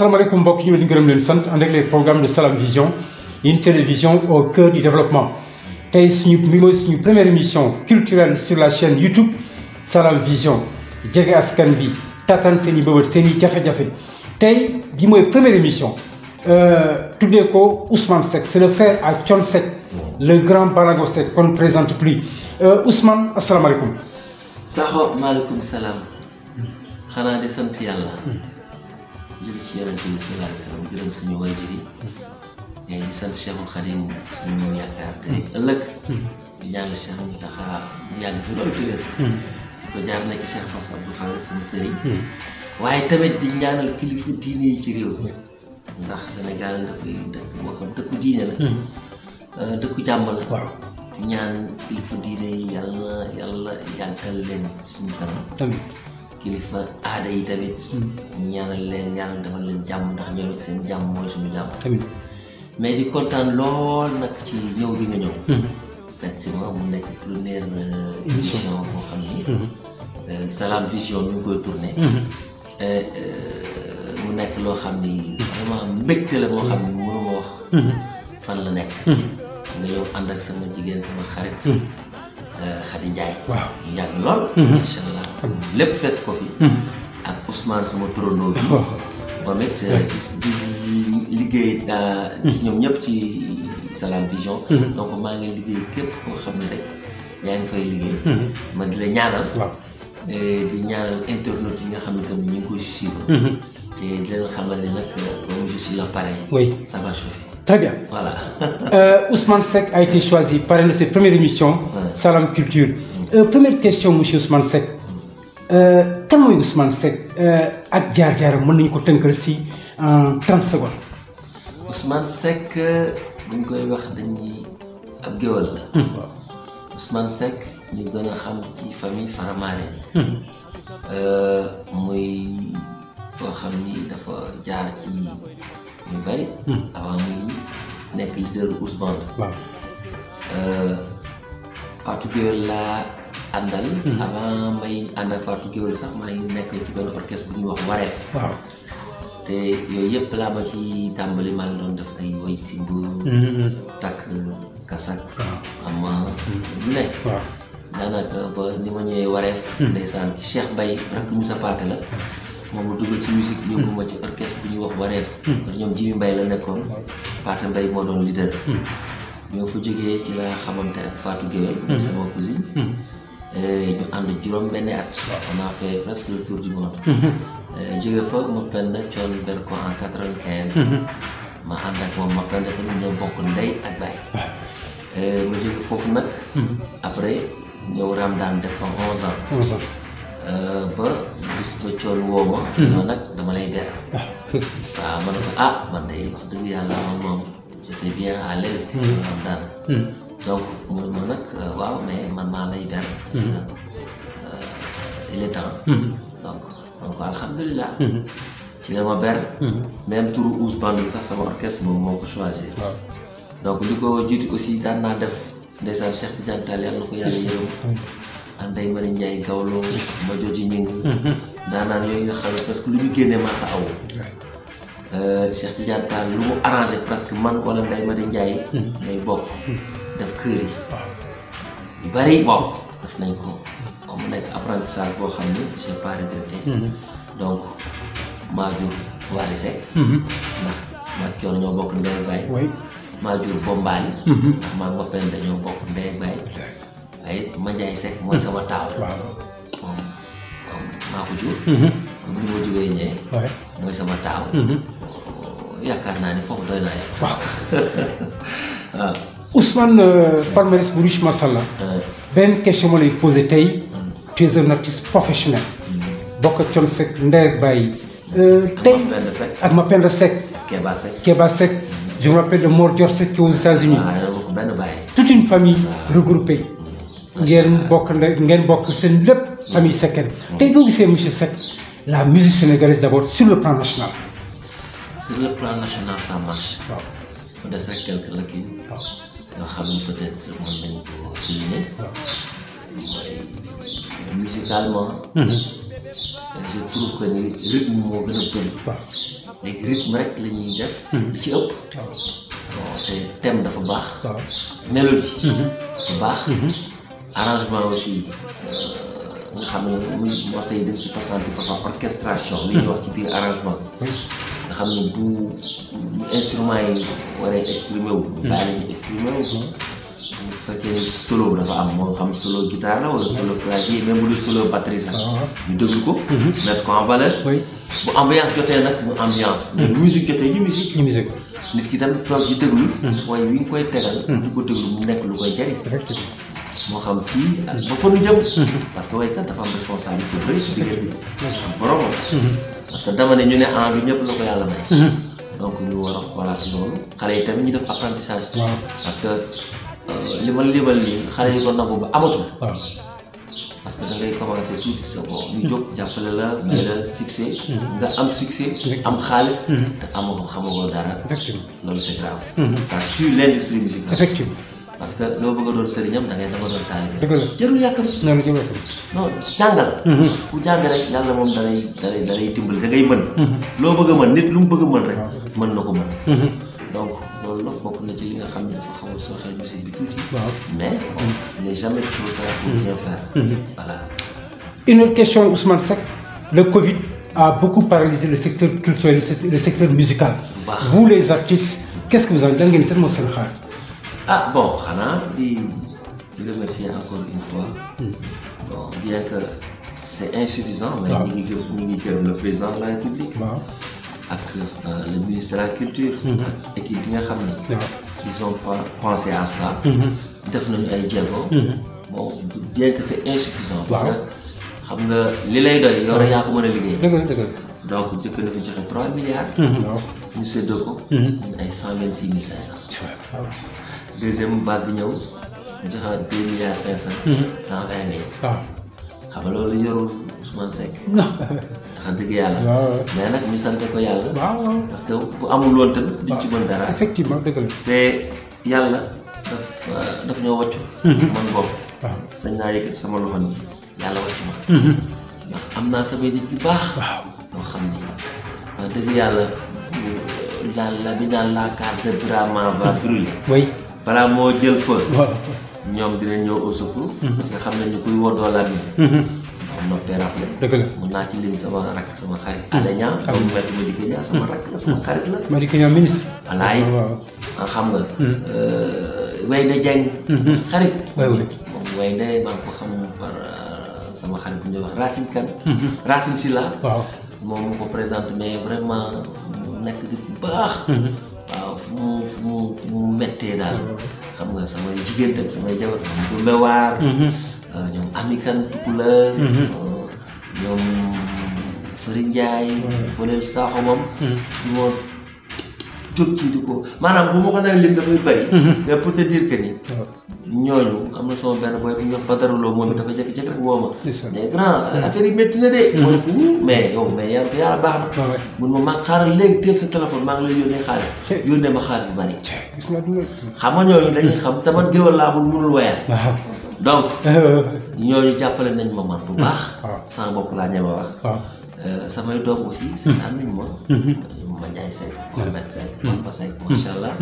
asalaamaaleykum mbokk ñu leen gërëm leen sant ànd ak les programmes de Salam Vision une télévision au cœur du développement tey suñu mi mooy suñu première émission culturelle sur la chaîne YouTube Salam Vision jege askan bi tatan seen i bëbët seen i jafe-jafe tey bi mooy première émission euh, tuddee ko Ousmane Seck c'est le frère à Thione Seck le grand Balago Seck qu'on ne présente plus euh, Ousmane asalaamaaleykum saxo maaleykum salaam xanaa di sant yàlla jël ci yonent bi sallallahu alayhi wa sallam gërëm suñu wayjur yi di sant Cheikhul Khadim suñu yaakaar tey ëllëg di ñaanal Cheikh Mountakha yàgg fi loolu téwér di ko jaar na ci Cheikh Bass Abdou Khadre sama sëriñ waaye tamit di ñaanal kilifa diine yi ci ndax Sénégal dafay dëkk boo xam dëkku diine la euh, dëkku jàmm la waaw ñaan kilifa diine yàlla yàggal leen suñu kanam kilifa aada yi tamit. Hmm. ñaanal leen ñaanal defal leen jàmm ndax ñoom seen jàmm mooy suñu jàmm. amiin mais di kontaan lool nag ci ñëw bi nga ñëw. Hmm. seet si ma mu nekk première euh, édition boo xam ni. Hmm. Euh, Salam Vision euh, mu nekk loo xam ni. vraiment mbégte la moo xam ni mënuma wax. fan la nekk. nga ñëw ànd ak sama jigéen sama xarit. Khady Ndiaye. lool. macha allah. lépp fekk ko fi. Hmm. ak Ousmane sama turandoo bi. Oh. moom it euh, di liggéey euh, ñoom ñëpp ci Salam Vision. Hmm. donc maa ngi liggéey képp koo xam ne rek yaa ngi fay liggéey. Hmm. ma di la ñaanal. Euh, di ñaanal internautes yi nga xam ne tamit ñu ngi koy suivre. te di leen xamal ne nag comme je suis le parrain. oui ça va bien voilà. euh, Ousmane a été choisi parrain de cette première émission. Salam Culture. Euh, première question monsieur Ousmane Seck. Euh, kan mooy Ousmane Seck euh, ak jaar-jaaram mën nañu ko tënkal si euh, en 30 secondes. Ousmane Seck koy wax dañuy ab géwal la. Hmm. Ousmane Seck ñu gën a xam ci famille Faramareen. Hmm. muy koo xam ni dafa jaar ci ñu bari. Hmm. avant muy nekk leader Ousmane. waaw Fatou Gueye àndal. Hmm. avant may ànd ak Fatou Gueye sax maa ngi nekk ci benn orchestre bu ñuy wax Wareef. te yooyu yëpp laa ma ci tàmbali maa ngi doon def ay woy sindu. Hmm, hmm. takk kasak. am lu ne. waaw daanaka ba ni ma ñëwee Wareef. ndeysaan Cheikh Mbaye rakk Moussa Paté la. moom mu dugal ci musique yóbbu ma ci orchestre bu ñuy wax Wareef. kon ñoom Jimi Mbaye la nekkoon. Paté bay moo doon leader. ñoo fa jógee ci laa xamante ak faatu Gueye. sama cousine. Eh, ñu ànd juróom-benni at. on a fait presque le tour du monde. Mhm. Eh, jóge fa ma pend coon ber ko en quatre vingt quinze. Mhm. ma ànd ak moom ma pend tamit ñoo bokk ndey ak baay. Ah. Eh, mu jóge foofu nag. Mhm. après ñëw Ramadaan def fa onze ans. onze ans ba gis ba coon woo ma. ma nag dama lay ber. Ah. waaw ma ne ko ah man day wax dëgg yàlla moom moom j'étais bien à l'aise. Ramadaan. donc mu ne ma nag euh, waaw mais man maa lay ber parce que mhm. euh, il temps mhm. donc donc alhamdulilah mhm. ci la ma ber même turu Ouz Bandung sax sama orchestre moom moo ko choisir donc li ko jiitu aussi daan naa def ndeysaan Cheikh Tidiane Tall yàlla na ko yàlla yërëm am day njaay gawloo ma jooju ñu ngi daanaan yooyu nga xam parce que lu ñu génnee maa ko aw euh, Cheikh Tidiane lu mu arrangé presque man wala nday njaay ngay bokk def kër yi yu bëri waaw def nañ ko comme mu nekk apprentissage boo xam ne j'ai pas regretté mm-hmm. donc maa jur Waly Seck mm-hmm. ndax maa coono ñoo bokk ndey ak maa jur Bombaali mm-hmm. ndax maa ma pen dañoo bokk ndey ak waaye Mandiaye Seck mooy sama taaw moom maa ko jur comme ni ma jógee ñee mooy sama taaw yaakaar naa ni foofu doy naa yàq waaw Ousmane euh, palmarès bu riche macha allah. benn question ma lay tey. Mm. tu es un artiste professionnel. Mm. bokk ak Thione Seck Ndeye ak Baye. Euh, tey ak Mapenda Seck. Kéba Seck Kéba Seck. Mm. je me rappelle de Mor Dior Seck aux états ah, une famille regroupée. ngeen bokk ngeen bokk seen lépp famille Seck. tey boo gisee monsieur Seck la musique sénégalaise d' abord sur le plan national. sur le plan waaw. nga xam ne peut-être mën nañ ko musicalement mhm. je trouve que ni rythme moo gën a bëri léegi rythme rek la def mhm. lu ci ëpp bon te thème dafa baax mélodie mhm. dafa baax arrangement aussi euh, nga xam ne muy mosay dañ ci passante parfois orchestration li ñuy wax ci biir arrangement xam ne du instrument yi war a exprimer wu. ñu hmm. bàyyi la ñu exprimer hmm. fekkee ne solo dafa am moo xam solo guitare la wala hmm. solo clavier même bu dul solo batterie sax. Ah. ñu ko. mettre ko en valeur. bu ambiance jotee nag mu ambiance. mais bu musique jotee ñu musique. ñu musique nit ki tamit toog di déglu. waaye wi ñu koy tegal. du ko déglu mu nekk lu koy jariñ. moo xam fii ak ba fa nu jëm parce que waykat dafa am responsabilité bu rëy ci diggante boromam parce que dama ñu ne en bi ñëpp la ko yàlla may donc ñu war a xoolaat loolu xale yi parce que euh, li ma libal lii xale ko nangu ba amatul parce que da ngay tuuti sa bopp ñu jóg jàppale la may la succès nga am succès am xaalis mhm. te amoo xamoo dara loolu c'est grave mhm. ça tue l'industrie musicale effectivement parce que loo bëgg a doon sëriñam da ngay dama doon taalibe. jarul yàkkamti. non jarul yàkkamti. non jàngal. Mm-hmm. parce que ku jàng moom da lay da lay mën. Mm-hmm. loo bëgg a mën nit lu mu bëgg a mën rek. Mm-hmm. mën na ko mën. donc loolu la bokk na ci li nga xam ne dafa xaw a sooxee musique bi tuuti. waaw mais on n'est jamais trop tard pour bien a que vous en seen xaar. ah bon xanaa di remercier encore une fois. Hmm. bien que c' est insuffisant. mais ñu ngi gë le président de la république. ak euh, le ministre de la culture. Hmm. ak équipe bi nga xam ne. ils ont pas pensé à ça. Hmm. def nañu ay jéego. bon bien que c' insuffisant. parce que xam nga li lay doy yow rek yaa ko mën a liggéey. dëgg la dëgg la donc jëkk na fi joxe 3 milliards. ñu séddoo deuxième vague ñëw joxaat deux milliards cinq cent. Mhm. cent vingt mille. Ah. xam nga loolu yorul Ousmane Seck. ndax dëgg yàlla. Ah, mais nag ñu sante ko yàlla. Ah, parce bu amul woon tam duñ ci mën dara. effectivement dëgg la. te yàlla daf euh, daf ñoo wàccu. Mhm. man bopp. sañ naa yëkkati sama loxo nii yàlla wàccu ma. Mhm. ndax am naa samay nit yu baax. waaw yoo xam ni wax dëgg yàlla euh, la la bi naan la case de Brahma va balaa moo jël feu. ñoom dinañ ñëw au secours. Mhm. parce que xam nañ ni kuy woddoo la bi. am na tey rafet. la mun naa ci lim sama rakk sama xarit. Mhm. Alenia. xam nga métti Madické Niang sama rakk la moom euh, mhm. moom ko présenté mais di bu baax. waaw fu mu fu mu fu daal xam nga samay jigéen tam samay jabar ñoom Dumbe Waar. Mhm. Euh, ñoom Amikan Tukulër. Mhm. Euh, ñoom Fëri Ndiaye. Mhm. Bolel Saxo moom. jóg ci ko maanaam bu ma ko naree lim dafay bëri. Mhm. mais pour te dire que ni. ñooñu am na sama benn boy bu ñuy wax Badara Lo moom dafa jékki-jékki rek woo ma. mais grand affaire yi métti na de. Mhm. mooy que mais yow mais yàlla yàlla baax na. mun ma maa xaaral léegi teel sa téléphone maa ngi lay yónnee xaalis. yónnee ma xaalis bu bëri. gis nga dugub xam nga ñooñu dañuy xam te man géwal laa bul munul wayal. Ah. donc ñooñu jàppale nañ ma man bu baax. waaw ah. sama bopp laa ñeme ah. euh, samay doom aussi. seen ma Ndiaye Seck. Mohamed Seck. Papa Seck macha allah.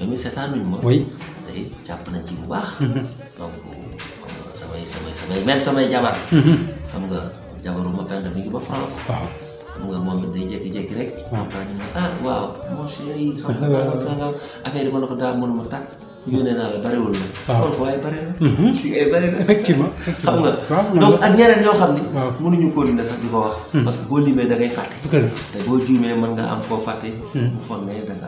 ñoom seetaanuñ ma. oui te jàpp nañ ci bu baax. donc hmm. samay samay samay même samay jabar. xam nga jabaru ma pend mi ngi ba France. xam nga moom day jékki-jékki rek. waaw ah waaw nga affaire yi ma ne ko daal mënuma tàkk. yónnee naa la bariwul la. waaw kon waaye bari na. fii mhm. ay bari effectivement. xam nga donc ak ñeneen ñoo xam ni. waaw mënuñu ko dina sax di ko wax. Mhm. parce que boo limee da fàtte. te boo juumee man nga am koo fàtte. Mhm. mu foog ne da nga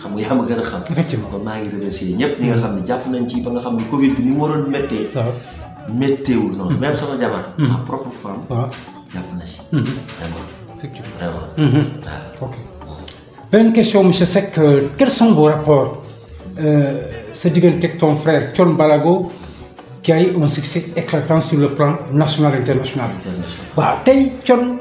xam nga yaa ma gën a xam. maa ngi remercier ñëpp ñi nga xam ne jàpp nañ ci ba nga xam ne Covid bi ni mu waroon méttee. waaw métteewul noonu. même sama jabar. ma propre jàpp na si. vraiment waaw ok. question monsieur Seck euh, quels sont vos rapports. Euh, sa diggante ak ton frère Thione Balago qui un succès éclatant sur le plan national et international. waaw tey Thione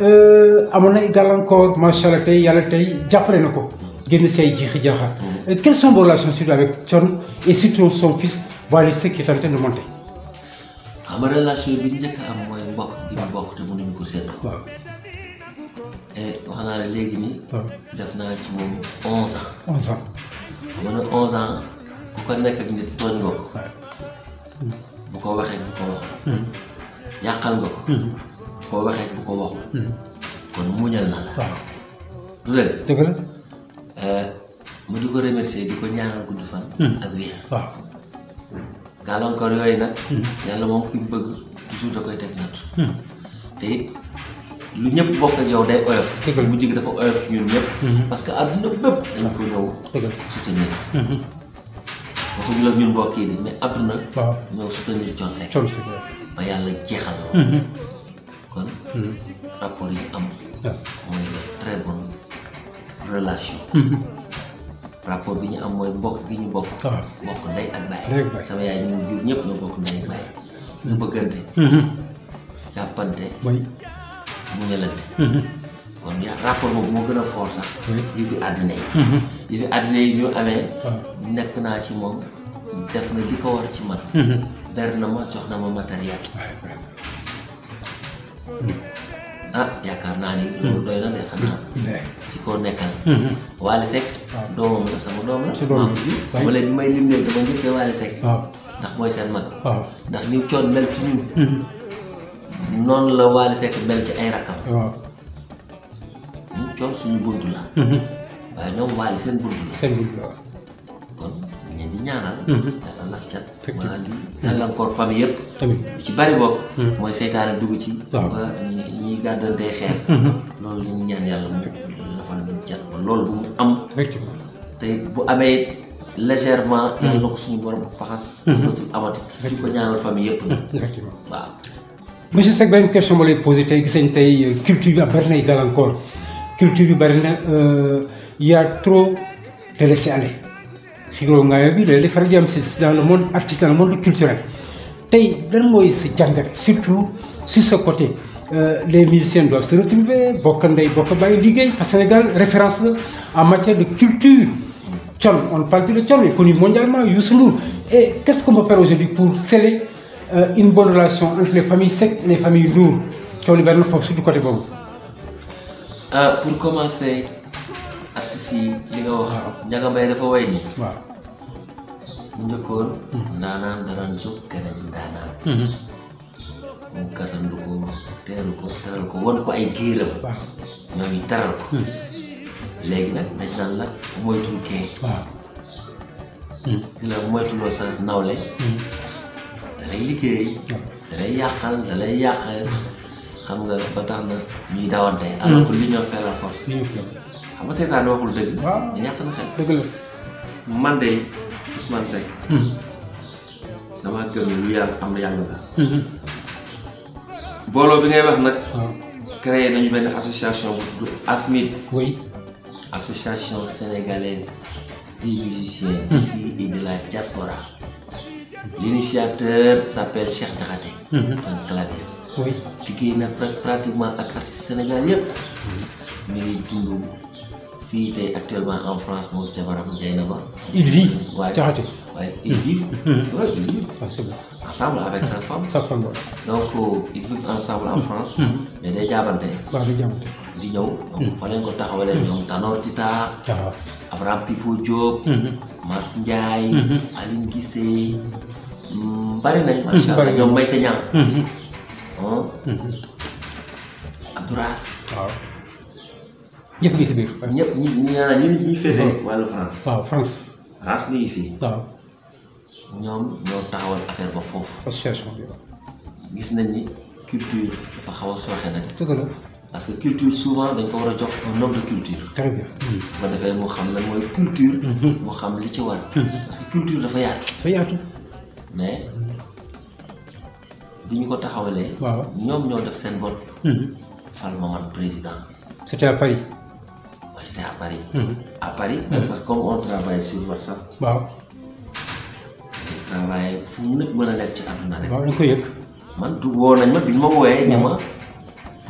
euh, amoon na gàllankoor macha allah tey yàlla tey jàppale na ko. génn say jiixi jaaxal. Mm. Euh, quelles sont vos relations surtout avec Thione et surtout son fils Wally Seck qui est en train de ah, relation bi njëkk a am mooy mbokk gi mu bokk te mënuñu ko seetloo. waaw. wax naa la léegi nii. def naa ci moom 11 ans. 11 ans. mu ne 11 ans ku ko nekk ak nit tooñ nga ko. bu ko waxee bu ko waxul. Hmm. yàqal nga ko. Hmm. bu ko waxee bu ko waxul. Hmm. kon muñal na du dëgg. Eh, mu di ko remercier di ko ñaanal gudd fan. ak wér. waaw. yooyu nag. yàlla moom fi bëgg toujours da koy teg natt. te lu ñëpp bokk ak yow day oyof mu jig dafa oyof ñun ñëpp mhm. parce que àdduna bépp dañ ko ñëw soutenir mhm. waxuñu la ñun mbokk yi de mais àdduna ñëw soutenir Thione Seck ba yàlla jeexal la mhm. kon rapport yi am mooy de très relation rapport bi ñu am mooy mbokk bi ñu bokk bokk ndey ak baay sama yaay ñu jur ñëpp ñoo bokk ndey ak baay ñu bëggante jàppante mu muñalante mhm. kon ya rapport boobu moo gën a fort sax yi fi àddina yi mhm. yi fi àddina yi ñu amee ah. nekk naa ci moom def na li ko war ci man mhm. ber na ma jox na ma matériel ah yaakaar naa ni loolu doy na ne xam ci koo nekkal Wally Seck ah. doomam la sama doom la maam ji wala bi may lim ne dama njëkkee Wally Seck ah. ndax mooy seen mag ndax ni coon mel ci ñun noonu la Wally Seck mel ci ay rakkam waaw ñun hmm, coon suñu bunt la mhm. waaye ñoom Wally seen bunt la seen bunt la kon ñu mhm. mhm. yëpp ci bari bopp mooy seytaane dugg ci ba ñuy gàddantee xeer loolu la ñu ñaan yàlla mu lafal mu cat ba loolu bu mu am tey bu amee légèrement yàlla ko suñu borom faxas dootul amati di ko ñaanal famille yëpp na waaw monsieur Seck benn question ma lay posé tey gis nañ tey euh, culture yi bari nay gàllankoor culture yu bari na euh, y a trop de laisser aller xiroo ngaayo bi day faral di am si dans le monde artiste dans le monde culturel tey lan mooy sa jàngat surtout sur ce côté euh, les musiciens doivent se retrouver bokk ndey bokk bàyyi liggéey parce que Sénégal référence la en matière de culture con on parle plus de con mais connu mondialement Youssou Ndour qu'est-ce qu'on peut pour sceller Euh, une bonne relation entre les familles secs et les familles lourdes coow li bari commencer artistes yi li nga wax. Ndiaga dafa way nii. waaw bu njëkkoon. Mhm. ndaanaan daraan jóg keneen ndaanaan. Mhm. mu kasandu ko teeru ko teral ko won ko ay géeram. waaw ñoom ñu ko. Mhm. léegi nag dañ naan la moytul kee. waaw. moytuloo sans nawle. dalay liggéey dalay yàqal dalay yàqal xam nga ba tax na ñuy dawante hmm. alors que l'union fait la force xam nga seetaan waxul dëgg ñàkk na xel dëgg la man de Ousmane Seck hmm. damaa gëm ne lu yàlla am yàlla hmm. booloo bi ngay wax nag créé nañu benn association bu tudd ASMID oui association sénégalaise des musiciens d'ici et de la diaspora L'initiateur s'appelle Cheikh Diakhaté. Mhm. un liggéey na presque pratiquement ak artiste Sénégal yëpp. Mhm. mi ngi dund fii tey actuellement en France moom jabaram njëy na ma. il vit. waaye Diakhaté waaye mhm. ah, ensemble avec sa femme. sa femme donc euh, ils vivent ensemble en France. mais day jaabante. di ñëw. fa lañ ko taxawalee ñoom Tanor ah. Abraham Pipo Diop. Mass Ndiaye. Mhm. Aline Guissé. Mm, bari nañ mhm. macha allah ñoom may sa mhm. ah. ngi si biir. ñëpp ñi ñu naan ah, ñi ñi France. France. France mi ngi fii. ñoom ñoo taxawal affaire ba foofu. association bi gis nañ ni culture dafa xaw a sooxe nag. parce que culture souvent dañ ko war a jox un homme de culture. très bien. Mmh. bu ko defee mu xam lan mooy culture. Mmh. mu xam li ci war. Mmh. parce que culture dafa yaatu. dafa yaatu. mais bi ñu ko taxawalee. waaw ñoom ñoo def seen vote. fal ma man président. c' était à Paris. c' était à Paris. à parce que comme on travaille sur WhatsApp. waaw. on fu mu nag mën a nekk ci rek. waaw da nga yëg. man du woo nañ ma bi ñu ma wooyee. ñu ma.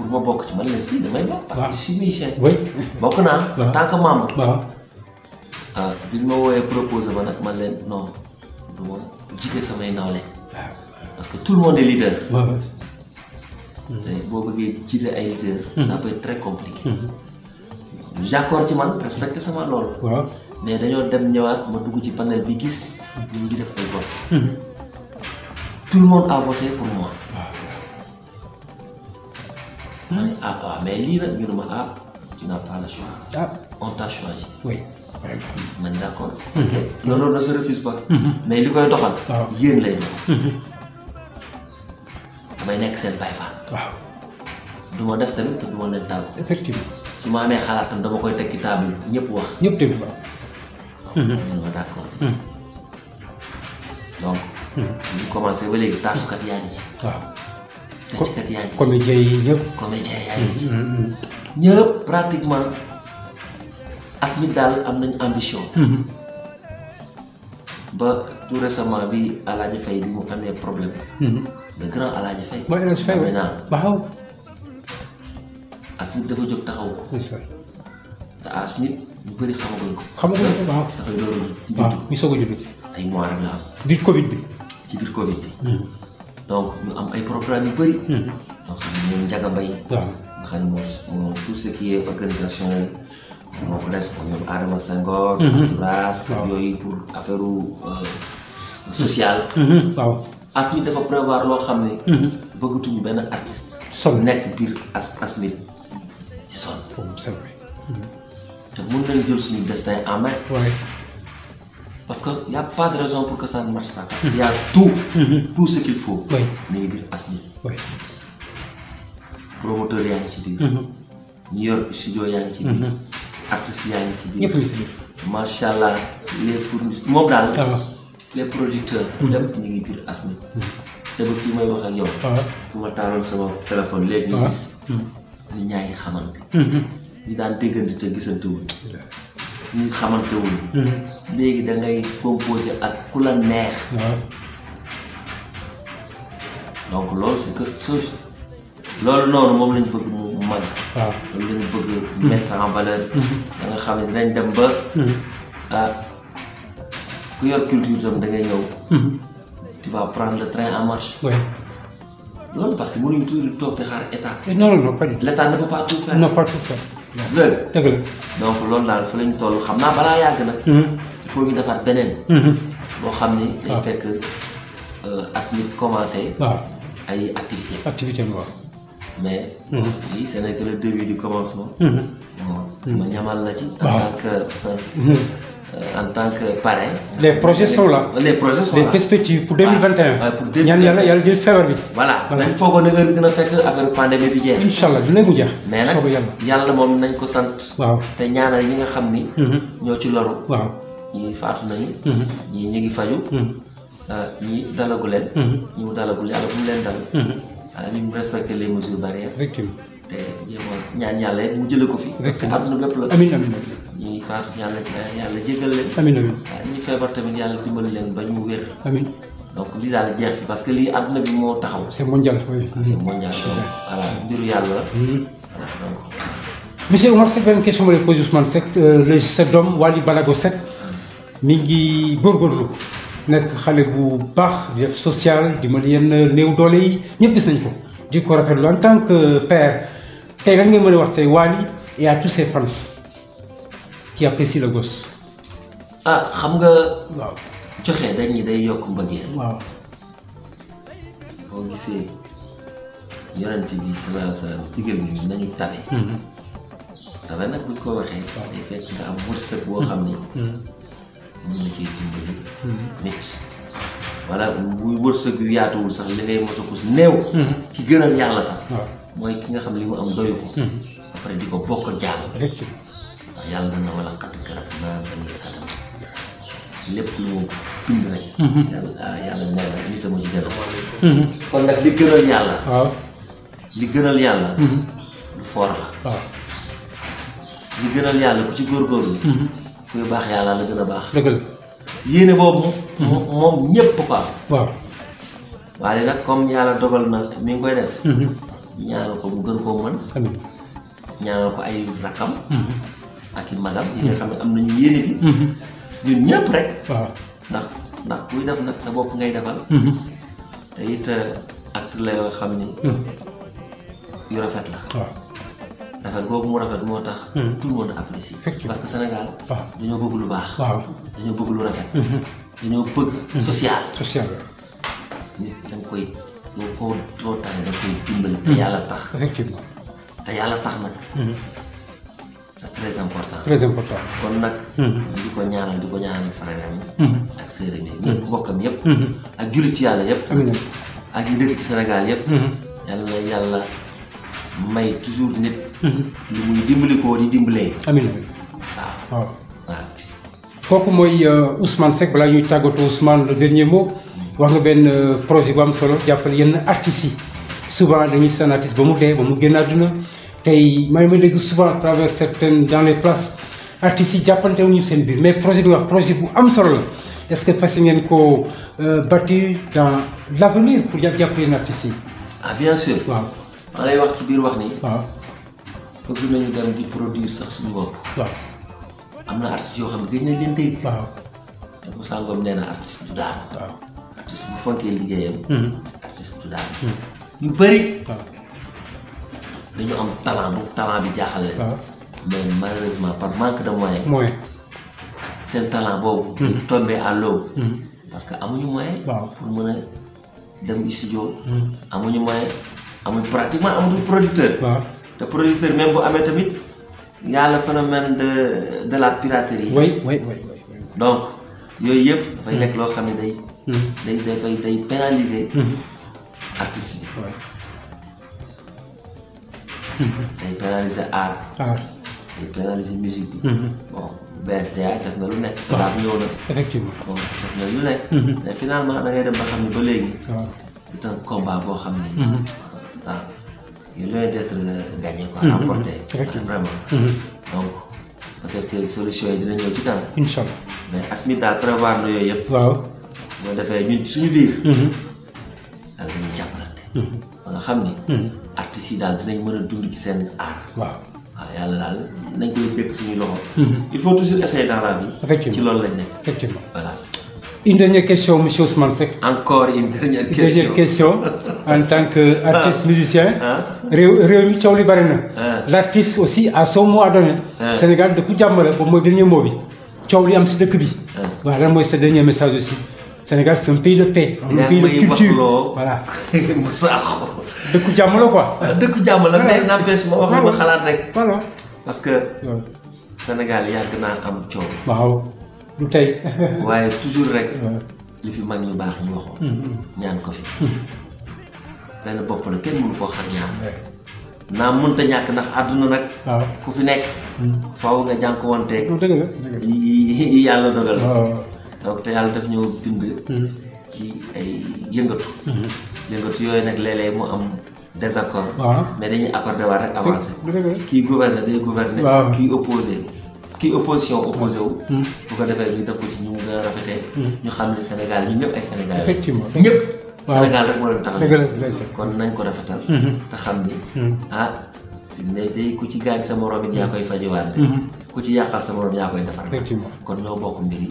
pour ma bokk ci man la si damay bokk. parce que chimicien. oui bokk naa. en tant que membre. waaw ah bi ma wooyee proposé ma nag man leen non du ma jiite samay nawle. parce que tout le monde est leader. te hmm. hmm. ci man sama loolu. waaw dañoo dem ñëwaat ma dugg ci panel bi gis vote. Hmm. pour moi. ma ne ah waaw ah, mais lii nag ñu ma ah tu n'as pas le choix. Ah. man d'accord. Mhm. ok loolu ne se mhm. mais li koy doxal. waaw ah. yéen lay doon. Mhm. damay nekk seen Baay Faal. waaw def tamit te du ma leen su ma amee xalaat tam dama koy tekki table ñëpp wax. ñëpp ma d'accord. donc. ñu commencé ba léegi taasukat yaa ngi ci. fecckat yaa ngi. comédien yi ñëpp. comédien yaa mm-hmm. ngi. ñëpp pratiquement as mi daal am nañ ambition. Mm-hmm. ba tout récemment bi Alaaji Faye bi mu amee problème. Mm-hmm. le grand Alaaji Faye. mooy Alaaji Faye waaw as nit dafa jóg taxaw ko. te as nit ñu bëri xamaguñ ko. xamaguñ ko waaw dafay door a judd. waaw ñu soog a judd. ay mois rek la am. ci biir Covid bi. ci biir Covid bi. donc ñu am ay programme yu bëri. Hmm. yoo xam ne ñoom Ndiaga Mbaye. waaw nga ne moom moom tout ce qui est hmm. yooyu pour affaire euh, sociale. Hmm. ASMIT dafa prévoir loo xam ne. bëggatuñu benn artiste. sol nekk biir as ASMIT ci sol. Oh, te mun nañ jël suñu destin en main. parce que y' a pas de raison pour que ça ne marche pas. parce que y' a tout. ngi biir as promoteur yaa ngi ci biir. ñi mhm. yor studio yaa ngi ci biir. Mhm. artistes yaa ngi ci biir. ñëpp ngi ci biir. macha allah moom daal. les producteurs. lépp mhm. ñu ngi biir as te ba fii may wax yow. bu ma taaloon sama téléphone léegi ñu gis. ni ñaa ngi xamante. ñu daan déggante te gisante wuñ. ñu xamante mm-hmm. léegi da ngay ak ku la neex. Uh-huh. donc loolu c'est quelque chose loolu noonu moom lañ bëgg mu mag. waaw ah. loolu lañ bëgg. mettre en valeur. Mm-hmm. da xam ne dinañ dem ba. Mm-hmm. ah ku culture tam da ngay ñëw. tu vas prendre le train en marche. loolu parce que mënuñu toujours toog di xaar état. Eh, non ne peut pas tout dégg nga. donc loolu daal fa la ñu toll xam naa balaa yàgg na mhm. il faut ñu defar beneen. Mhm. boo xam ni day fekk euh, as nit commencé. waaw ay activité activité am mais. Mhm. lii c'est que le début du commencement. ma ñamal la ci. en tant euh, Euh, en tant que parrain. les projets sont là. les projets sont là les perspectives pour 2021. waaw pour 2021 ñaan yàlla yàlla jël feebar bi. voilà nañ foogoon ne heure bi dina fekk affaire pandémie bi jeex. incha allah dinañ mu jeex. mais nag yàlla moom nañ ko sant. waaw te ñaanal ñi nga xam ni. Mm-hmm. ñoo ci loru. waaw ñii faatu nañu. Mm-hmm. ñii ñu ngi faju. Mm-hmm. Euh, ñii dalagu leen. ñi mu dalagul yàlla bu mu leen dal. Euh, ñu respecté les mesures barrières. effectivement te jéem a ñaan yàlla mu jëlee ko fi. parce que àdduna bépp la. amiin amiin ñuy faatu yàlla yàlla jégal leen. amiin feebar tamit yàlla dimbali leen ba ñu wér. amiin donc lii daal jeex fi parce que lii àdduna bi moo taxaw. c'est mondial oui. Ah, c'est mm-hmm. mm-hmm. monsieur Omar c'est benn question ma lay posé Ousmane Seck le sa doom Wally Balago Seck mi ngi góorgóorlu nekk xale bu baax def social dimbali yenn néew doole yi ñëpp gis nañ ko. di ko rafetlu en tant que père tey lan nga mën a wax tey Wally yaa à tous qui si la gos ah xam nga. joxe dañ ñi day yokk mbëggeel. boo gisee yonent bi sallallahu alayhi wa sallam digal ñu nañu tabe. Mhm. tabe nag buñ ko waxee. day fekk nga am wërsëg boo xam ne. Mhm. Mhm. nit. wala buy wërsëg yu yaatuwul sax li ngay mos a kus néew. ki gënal yàlla sax. mooy ki nga xam li mu am doyu ko. après di ko bokk jaam. yàlla na wala xat garab naa bani adama lépp lu mu bind rek. Mhm. yàlla ah, yàlla nit a ma ci gënal. kon nag li gënal yàlla. li gënal yàlla. Mhm. lu foor la. waaw li gënal yàlla ku ci góorgóorlu. Mhm. kuy baax yàlla la gën a baax. dëgg la yéene boobu. moom ñépp ko am. waaye nag comme yàlla dogal na mi koy def. ñaanal ko mu gën koo mën. ñaanal ko ay rakkam. ak i magam yi nga xam ne am nañu yéene bi mhm. ñun ñëpp rek ndax ndax kuy def nag sa bopp ngay defal mhm. te it euh, acte la yoo xam ni mhm. yu rafet la rafet boobu mu rafet moo tax tout le monde apprécie parce que Sénégal dañoo bëgg lu baax dañoo bëgg lu rafet dañoo bëgg social social nit danga koy doo koo doo tane danga koy dimbali te yàlla tax effectivement te yàlla tax nag très important très important. kon nag. Mhm. di ko ñaanal di ko ñaanal frère am. Mhm. ak sœuram yi ñëpp mbokkam yëpp. Mhm. ak jullit ci yàlla yëpp. amiin ak yi dëkk ci Sénégal yëpp. yàlla yàlla may toujours nit. lu muy dimbali di dimbalee. amiin waaw mooy euh, Ousmane Seck balaa ñuy tàggatoo Ousmane le dernier mot. wax nga benn euh, projet bu am solo jàppale yenn artistes yi souvent dañuy seen artiste ba mu dee ba mu génn àdduna tey may ma dégg souvent à travers certaines dans les places artistes yi jàppante wuñu seen biir mais projet bi wax projet bu am solo la est-ce que fas ngeen ko euh, bâtir dans l'avenir pour jàppale yéen artistes yi. ah bien sûr. waaw maa biir wax ni. waaw. bëgg nañu di produire sax suñu bopp. na artistes yoo xam ne gëj nañ leen dégg. waaw te Moussa Ngom nee na artiste du daan. waaw artiste bu fonkee liggéeyam. Mm-hmm. artiste du daan. Mm-hmm. yu bëri. dañu am talent donc talent bi jaaxal leen. Ah. mais malheureusement par manque de moyens. moyens seen talent boobu. Hmm. dañu tombé à hmm. parce que amuñu moyen. pour mën a dem studio. Hmm. amuñu moyen amuñu pratiquement amuñu producteur. te producteur même bu amee tamit y a le phénomène de de la piraterie. oui oui oui. donc yooyu yëpp. dafay nekk loo xam ne day. day dafay day pénaliser. artistes yi. day pénaliser art. art mhm. day pénaliser bi. bon BSDA def na lu nekk. SODAV ñëw na. effectivement bon def na lu nekk. Mhm. mais finalement ba xam ne ba léegi. waaw c'est combat boo xam ne. ah il est d'être euh, gagné quoi. remporté vraiment. donc peut-être que solution yi dina ñëw ci kanam. incha allah mais asmi daal prévoir na yooyu yëpp. waaw boo defee ñun suñu biir. daal dañuy jàppalante. ba nga xam ni. artistes yi a dund ci seen art. waaw waaw yàlla daal nañ koy dëkk ci loolu lañ nekk. effectivement voilà. une dernière question en tant que ah. artiste musicien. Ah. réew réew mi coow li bari na. Ah. l' artiste aussi a son mot à donner. Sénégal dëkku jàmm la mooy dernier bi coow li am si dëkk bi. waaw lan mooy sa dernier message aussi Sénégal c' est un pays paix. un pays de culture voilà. dëkku jàmm la quoi. Ah, dëkku jàmm la mais n'empêche ma wax li ma xalaat rek. voilà parce que. Sénégal yàgg naa am coow. waaw du tey. waaye toujours rek. li fi mag ñu baax ñu waxoon. Mm-hmm. ñaan ko fi. Mm-hmm. benn bopp la kenn mënu koo xar ñaar. naa mënta ñàkk ndax àdduna nag. ku fi nekk. Mm-hmm. faaw nga jànkuwanteeg. dëgg la yi yàlla dogal. donc te yàlla daf ñëw bind. ci ay yëngatu. yëngatu yooyu nag léeg-léeg mu am désaccord. mais dañuy accordé waat rek avancé. kii gouverne day gouverner. kii opposé kii opposition opposé hmm. bu ko defee ñu def ko ci ñu gën a rafetee. Hmm. ñu xam ne Sénégal ñun ñëpp ay Sénégalais. effectivement ñëpp. Sénégal rek a. kon nañ ko rafetal. Hmm. te xam ni ah. ne day ku ci gaañ sa morom it yaa koy fajiwaat de ku ci yàqal sa morom yaa koy defar kon ñoo bokk mbir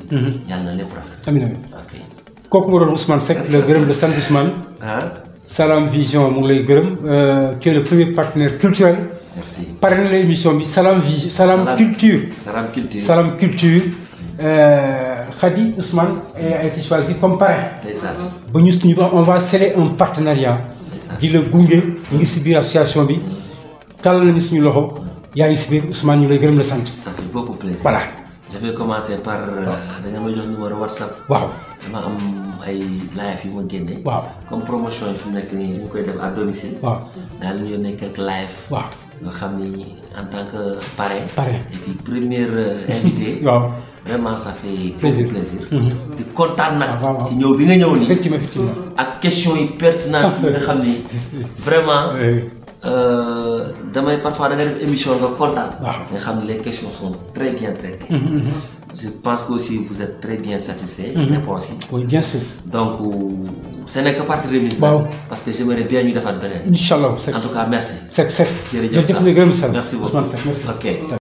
yàlla lépp rafet amiin amiin kooku moo doon Ousmane Seck la gërëm la sant Ousmane. Ah. Salam Vision mu ngi lay gërëm euh, tu es premier partenaire culturel. merci pare la émission bi Salam Vision. salaam Culture Salam Culture Salam Culture. Euh, Khady Ousmane a été choisi comme parrain. ba ñu suñu on va sceller un partenariat. di la gunge ñu ngi si biir association bi. tàllal nañu suñu loxo yaa ngi si biir Ousmane ñu lay gërëm la sant. sant beaucoup président voilà. je vais commencer par euh, waaw. dama am ay live yu ma génne. waaw comme promotion yi fi mu nekk nii ñu koy def à daal ñu yónnee quelques live. nga xam ni en tant que parrain. parrain et puis premier euh, invité. waaw vraiment ça fait. plaisir plaisir. Mhm. di nag. Ah, ci ñëw bi nga ñëw nii. effectivement effectivement ak question yi pertinentes yi nga xam ni vraiment. Euh, damay parfois da def émission nga kontaan. nga xam ne les questions sont très bien traitées. Mhm, mhm. je pense que aussi vous êtes très bien satisfait. ci mhm. réponses yi. donc euh, ce n'est que partie remise. waaw parce que j'aimerais bien ñu defaat beneen. incha allah en tout cas merci. Seck Seck jërëjëf Seck jërëjëf nga gërëm merci beaucoup Ousmane Seck merci.